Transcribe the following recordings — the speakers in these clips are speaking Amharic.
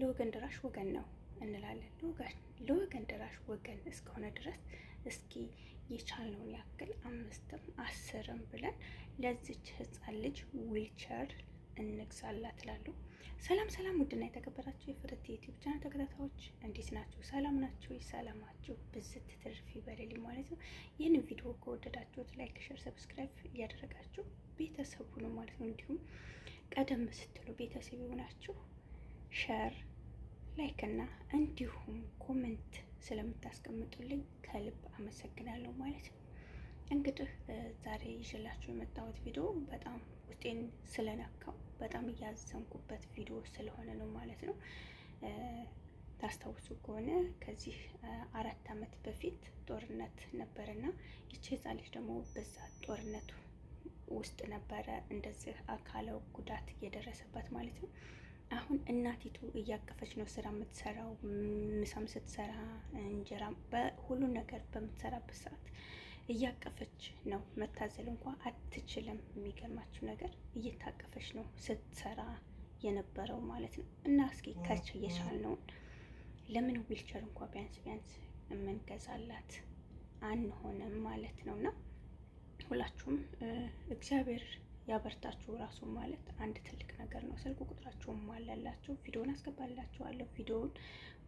ለወገን ደራሽ ወገን ነው እንላለን። ለወገን ደራሽ ወገን እስከሆነ ድረስ እስኪ የቻልነውን ያክል አምስትም አስርም ብለን ለዚች ህፃን ልጅ ዊልቸር እንግዛላት እላለሁ። ሰላም ሰላም! ውድና የተከበራችሁ የፍርት ዩቲዩብ ቻናል ተከታታዮች እንዴት ናችሁ? ሰላም ናችሁ? ሰላማችሁ ብዝት ትርፍ ይበልልኝ ማለት ነው። ይህን ቪዲዮ ከወደዳችሁት ላይክ፣ ሸር፣ ሰብስክራይብ እያደረጋችሁ ቤተሰብ ሁኑ ማለት ነው። እንዲሁም ቀደም ስትሉ ቤተሰብ ይሆናችሁ ሸር፣ ላይክ እና እንዲሁም ኮመንት ስለምታስቀምጡልኝ ከልብ አመሰግናለሁ ማለት ነው። እንግዲህ ዛሬ ይዤላችሁ የመጣሁት ቪዲዮ በጣም ውስጤን ስለነካው በጣም እያዘንኩበት ቪዲዮ ስለሆነ ነው ማለት ነው። ታስታውሱ ከሆነ ከዚህ አራት ዓመት በፊት ጦርነት ነበረና ይቺ ህፃን ልጅ ደግሞ በዛ ጦርነቱ ውስጥ ነበረ እንደዚህ አካለው ጉዳት እየደረሰበት ማለት ነው። አሁን እናቲቱ እያቀፈች ነው ስራ የምትሰራው። ምሳም ስትሰራ እንጀራ በሁሉ ነገር በምትሰራበት ሰዓት እያቀፈች ነው። መታዘል እንኳ አትችልም። የሚገርማችሁ ነገር እየታቀፈች ነው ስትሰራ የነበረው ማለት ነው። እና እስኪ ከች እየቻልነውን ለምን ዊልቸር እንኳ ቢያንስ ቢያንስ የምንገዛላት አንሆንም ማለት ነው። እና ሁላችሁም እግዚአብሔር ያበርታችሁ ራሱ ማለት አንድ ትልቅ ነገር ነው። ስልክ ቁጥራችሁም አላላችሁ ቪዲዮን አስገባላችኋለሁ። ቪዲዮውን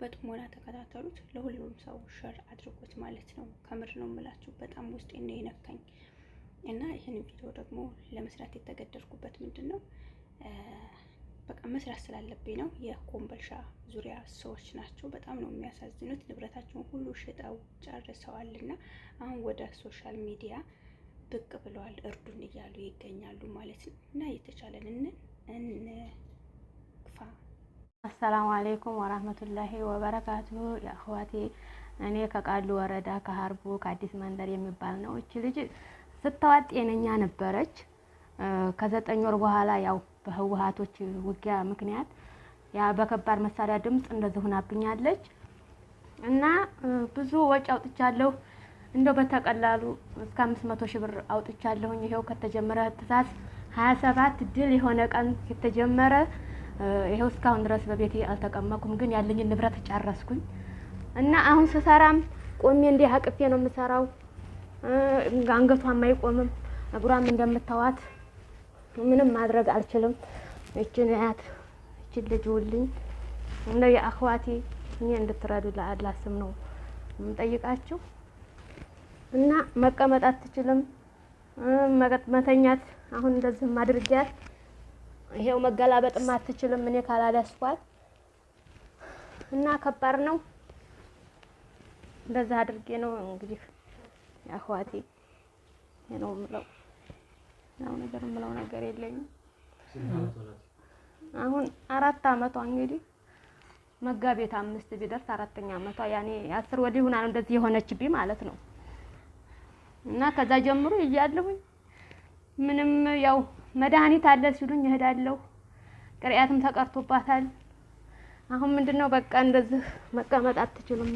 በጥሞና ተከታተሉት። ለሁሉም ሰው ሸር አድርጎት ማለት ነው። ከምር ነው የምላችሁ። በጣም ውስጤ ነው የነካኝ እና ይህን ቪዲዮ ደግሞ ለመስራት የተገደድኩበት ምንድን ነው በቃ መስራት ስላለብኝ ነው። የኮምበልሻ ዙሪያ ሰዎች ናቸው። በጣም ነው የሚያሳዝኑት። ንብረታቸውን ሁሉ ሽጠው ጨርሰዋል እና አሁን ወደ ሶሻል ሚዲያ ብቅ ብለዋል። እርዱን እያሉ ይገኛሉ ማለት ነው። እና የተቻለንን እንግፋ። አሰላሙ አሌይኩም ወራህመቱላሂ ወበረካቱ የአህዋቴ እኔ ከቃሉ ወረዳ ከሀርቡ ከአዲስ መንደር የሚባል ነው። እች ልጅ ስታዋጥ ጤነኛ ነበረች። ከዘጠኝ ወር በኋላ ያው በህወሀቶች ውጊያ ምክንያት ያ በከባድ መሳሪያ ድምፅ እንደዚህ ሆናብኛለች እና ብዙ ወጪ አውጥቻለሁ። እንደው በተቀላሉ እስከ አምስት መቶ ሺህ ብር አውጥቻለሁኝ። ይኸው ከተጀመረ ህትሳስ ሀያ ሰባት ድል የሆነ ቀን የተጀመረ ይኸው እስካሁን ድረስ በቤቴ አልተቀመኩም፣ ግን ያለኝን ንብረት ጨረስኩኝ እና አሁን ስሰራም ቆሜ እንዲህ አቅፌ ነው የምሰራው። አንገቷም አይቆምም፣ እግሯም እንደምታዋት ምንም ማድረግ አልችልም። እችን ያት እችን ልጅ ውልኝ እና የአኽዋቴ እኔ እንድትረዱ ለአላስም ነው የምጠይቃችሁ። እና መቀመጥ አትችልም፣ መተኛት አሁን እንደዚህም አድርጊያት፣ ይሄው መገላበጥም አትችልም እኔ ካላዳስኳት እና ከባድ ነው። እንደዛ አድርጌ ነው እንግዲህ ያህዋቴ ነው የምለው። ያው ነገር የምለው ነገር የለኝም። አሁን አራት አመቷ እንግዲህ መጋቤት አምስት ቢደርስ አራተኛ አመቷ ያኔ አስር ወዲህ ሆና ነው እንደዚህ የሆነችብኝ ማለት ነው። እና ከዛ ጀምሮ እያለሁኝ ምንም ያው መድኃኒት አለ ሲሉኝ እሄዳለሁ። ቅሪያትም ተቀርቶባታል። አሁን ምንድነው በቃ እንደዚህ መቀመጥ አትችልም፣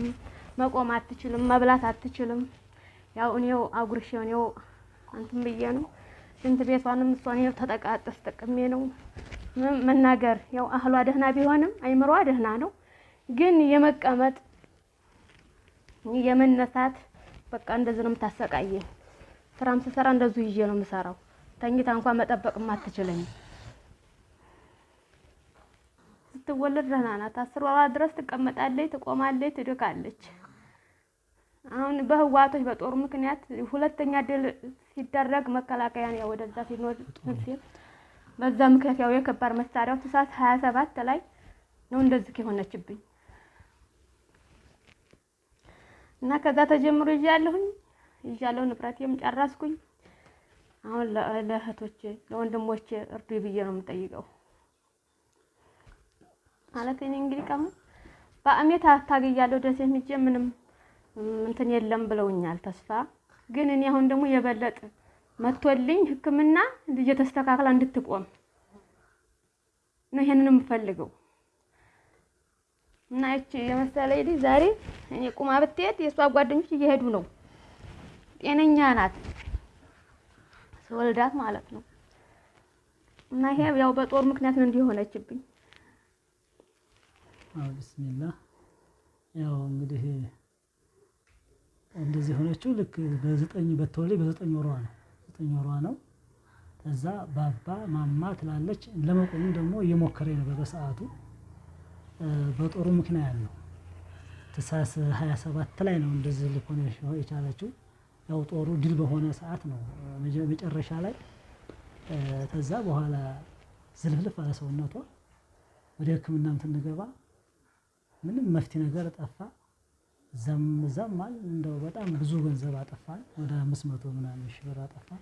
መቆም አትችልም፣ መብላት አትችልም። ያው እኔው አጉርሽ እኔው አንተም ብዬ ነው ሽንት ቤቷንም እሷን ይኸው ተጠቃጥስ ጥቅሜ ነው መናገር ያው አህሏ ደህና ቢሆንም አይምሯ ደህና ነው፣ ግን የመቀመጥ የመነሳት በቃ እንደዚህ ነው የምታሰቃየኝ። ስራም ስሰራ እንደዙ ይዤ ነው የምሰራው። ተኝታ እንኳን መጠበቅም አትችለኝ ስትወለድ ደህና ናት። አስር ወሯ ድረስ ትቀመጣለች፣ ትቆማለች፣ ትድቃለች። አሁን በህዋቶች በጦር ምክንያት ሁለተኛ ድል ሲደረግ መከላከያ ነው ወደዛ ሲኖር ሲል በዛ ምክንያት ያው የከባድ መሳሪያው ትሳት ሀያ ሰባት ላይ ነው እንደዚህ የሆነችብኝ። እና ከዛ ተጀምሮ ይዣለሁኝ ይዣለሁ ንብረቴም ጨረስኩኝ። አሁን ለእህቶቼ ለወንድሞች እርዱ ብዬ ነው የምጠይቀው። ማለት እኔ እንግዲህ ቀሙ በአሜት አታገያለሁ ደሴ ሄጄ ምንም እንትን የለም ብለውኛል። ተስፋ ግን እኔ አሁን ደግሞ የበለጠ መቶልኝ ሕክምና ልጅ ተስተካክላ እንድትቆም ነው ይሄንን የምፈልገው። እና ይቺ የመሰለ ይዲ ዛሬ እኔ ቁማ ብትሄድ የእሷ ጓደኞች እየሄዱ ነው። ጤነኛ ናት ስወልዳት ማለት ነው። እና ይሄ ያው በጦር ምክንያት ነው እንዲሆነችብኝ። አዎ ብስሚላ። ያው እንግዲህ እንደዚህ ሆነችው። ልክ በዘጠኝ በተወለደ በዘጠኝ ወሯ ነው ዘጠኝ ወሯ ነው። ከዛ ባባ ማማ ትላለች። ለመቆም ደግሞ እየሞከረ ነበር በሰዓቱ በጦሩ ምክንያት ነው። ትሳስ 27 ላይ ነው እንደዚህ ሊሆን የቻለችው። ያው ጦሩ ድል በሆነ ሰዓት ነው መጨረሻ ላይ። ከዛ በኋላ ዝልፍልፍ አለ ሰውነቷ። ወደ ሕክምናም ትንገባ ምንም መፍትሄ ነገር ጠፋ። ዘም ዘም አለ እንደው በጣም ብዙ ገንዘብ አጠፋን። ወደ 500 ምናምን ሺህ ብር አጠፋን።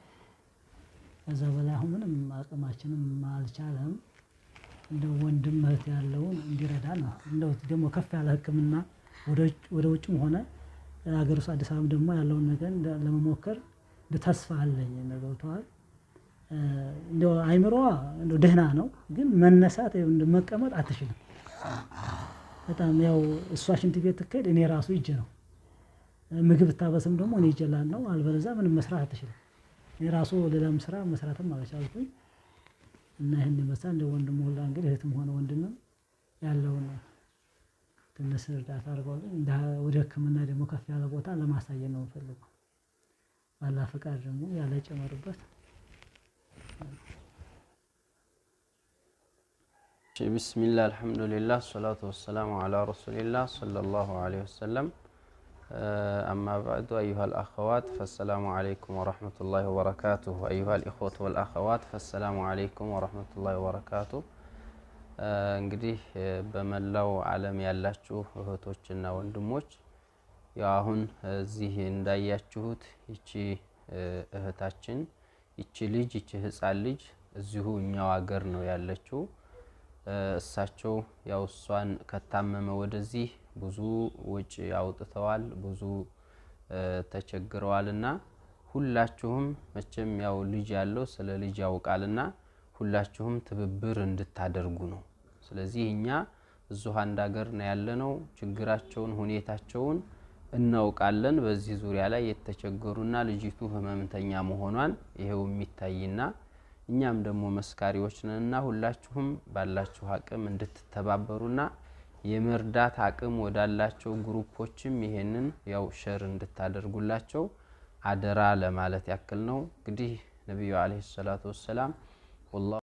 ከዛ በላይ አሁን ምንም አቅማችንም አልቻለም። እንደ ወንድም እህት ያለውን እንዲረዳ ነው። እንደው ደግሞ ከፍ ያለ ሕክምና ወደ ውጭም ሆነ ሀገር ውስጥ አዲስ አበባ ደግሞ ያለውን ነገር ለመሞከር እንደ ተስፋ አለኝ ገብተዋል። እንደ አይምሮዋ እንደ ደህና ነው፣ ግን መነሳት እንደ መቀመጥ አትችልም። በጣም ያው እሷ ሽንት ቤት ትከሄድ እኔ ራሱ ይጀ ነው ምግብ ታበስም ደግሞ እኔ ይጀላል ነው። አልበለዛ ምንም መስራት አትችልም። እኔ ራሱ ሌላም ስራ መስራትም አልቻልኩኝ። እና ይህን ይመስላል እንደ ወንድም ሁላ እንግዲህ እህትም ሆነ ወንድምም ያለውን ትንሽ እርዳታ አድርገውልኝ ወደ ህክምና ደግሞ ከፍ ያለ ቦታ ለማሳየት ነው የምፈልገው። ባላ ፈቃድ ደግሞ ያለ ጨመሩበት። ቢስሚላህ አልሐምዱሊላህ ሰላቱ ወሰላሙ አላ ረሱሊላህ ሰለላሁ ዐለይሂ ወሰለም آه، أما بعد أيها الأخوات فالسلام عليكم ورحمة الله وبركاته أيها الإخوة والأخوات فالسلام عليكم ورحمة الله وبركاته آه، እንግዲህ በመላው ዓለም ያላችሁ እህቶችና ወንድሞች ያው አሁን እዚህ እንዳያችሁት ይቺ آه، እህታችን ይቺ ልጅ ይቺ ህፃን ልጅ እዚሁ እኛው ሀገር ነው ያለችው። እሳቸው ያው እሷን ከታመመ ወደዚህ ብዙ ውጭ አውጥተዋል፣ ብዙ ተቸግረዋል እና ሁላችሁም መቼም ያው ልጅ ያለው ስለ ልጅ ያውቃልና ሁላችሁም ትብብር እንድታደርጉ ነው። ስለዚህ እኛ እዚሁ አንድ ሀገር ነው ያለነው። ችግራቸውን ሁኔታቸውን እናውቃለን። በዚህ ዙሪያ ላይ የተቸገሩና ልጅቱ ህመምተኛ መሆኗን ይሄው የሚታይና እኛም ደግሞ መስካሪዎች ነንና ሁላችሁም ባላችሁ አቅም እንድትተባበሩና የመርዳት አቅም ወዳላቸው ግሩፖችም ይሄንን ያው ሸር እንድታደርጉላቸው አደራ ለማለት ያክል ነው። እንግዲህ ነቢዩ አለይሂ ሰላቱ ወሰላም